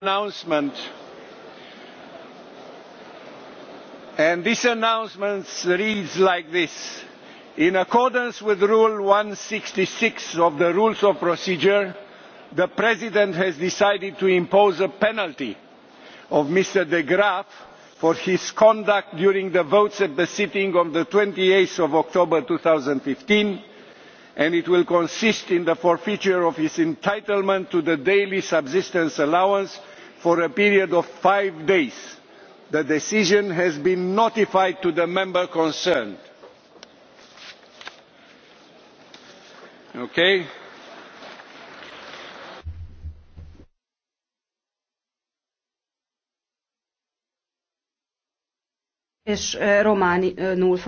announcement and this announcement reads like this in accordance with rule one hundred and sixty six of the rules of procedure the president has decided to impose a penalty on mr de graaf for his conduct during the votes at the sitting of twenty eight october two thousand and fifteen and it will consist in the forfeiture of his entitlement to the daily subsistence allowance for a period of five days. the decision has been notified to the member concerned. Eh,